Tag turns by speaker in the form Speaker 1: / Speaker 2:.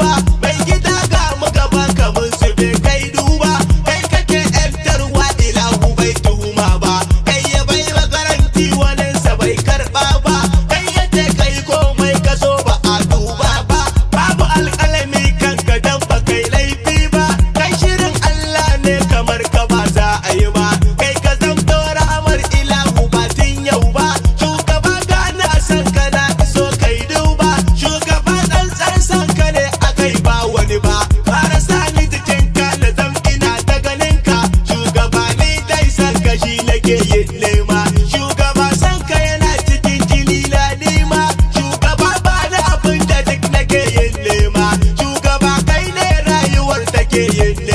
Speaker 1: ba bai gida ga muka ban kabin su muke lema shugaba san ka yana cikin jini na nima shugaba ba da abin da duk nake yin lema shugaba kai ne rayuwar take yin